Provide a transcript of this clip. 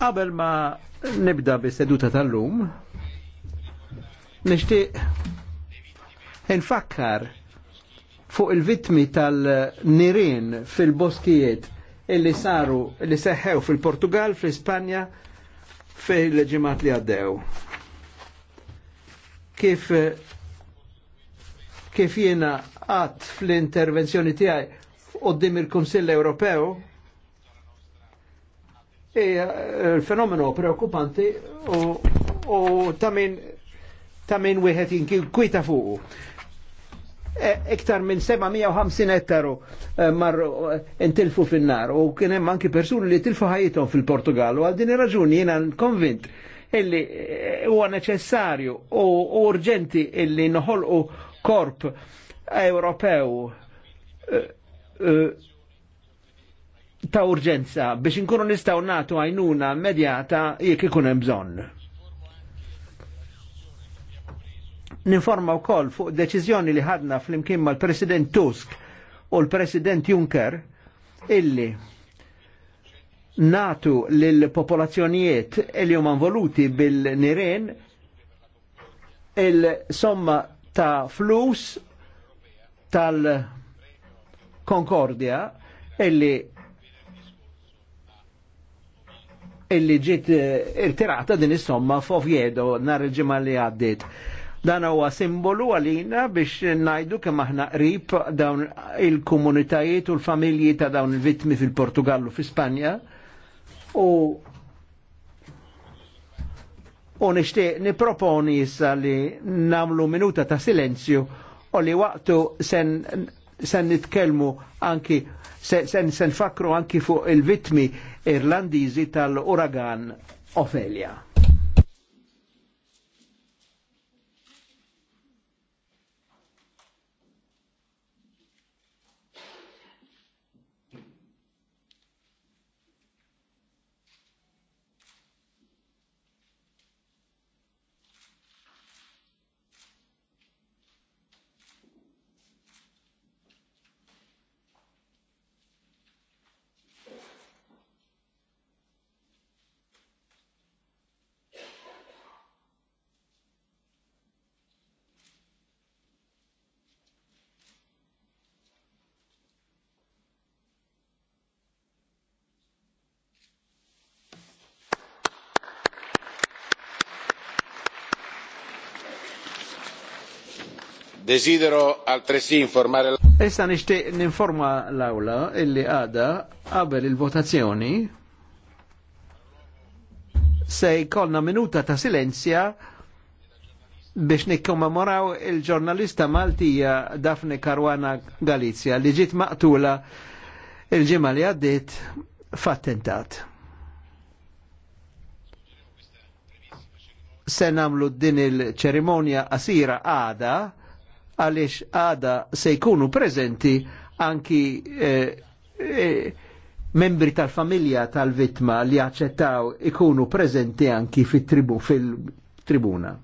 Qabel ma nibda bis-seduta tal-lum, nixtieq infakkar fuq il-vitmi tal-nirien fil-boskijiet illi saru li seħħew fil-Portugal, fl-Ispanja, fil-ġimat li għaddew. Kif kif jiena għat fl-intervenzjoni tiegħi qoddim il-Kunsill Ewropew Eh, fenomeno preokkupanti u tamin tamin wieħed kwita fuqu. E, iktar minn 750 ettaru mar intilfu fin-nar u kien hemm anki persuni li tilfu ħajjithom fil-Portugal u għal din ir-raġuni jiena konvint illi eh, huwa neċessarju u urġenti illi noħolqu korp Ewropew eh, ta' urġenza biex inkunu nistaw natu għajnuna medjata jek ikun hemm bżonn. Ninforma wkoll fuq deċiżjoni li ħadna fl-imkien mal-President Tusk u l-President Juncker illi natu lil popolazzjonijiet li huma voluti bil-nirien il-somma ta' flus tal-Konkordja illi illi ġiet eh, irtirata din is-somma f'Oviedo nhar il-ġimgħa li għaddiet. Dan huwa simbolu għalina biex najdu kemm aħna qrib dawn il-komunitajiet u l-familji ta' dawn il-vittmi fil-Portugallu fi Spanja. U u nixtieq niproponi issa li namlu minuta ta' silenzju u li waqtu sen sen nitkelmu anki sen, sen fakru anki fuq il-vitmi irlandiżi tal-uragan Ofelia. Desidero altresì informare l Issa nixtieq ninforma l-awla illi għada qabel il-votazzjoni se jkollna minuta ta' silenzja biex nikkommemoraw il-ġurnalista Maltija Dafne Karwana Galizja li ġiet maqtula il-ġimgħa li għaddiet f'attentat. Se nagħmlu din il-ċerimonja qasira għada għaliex għada se jkunu prezenti anki eh, eh, membri tal-familja tal-vittma li għacċettaw ikunu prezenti anki fit-tribuna. fil tribuna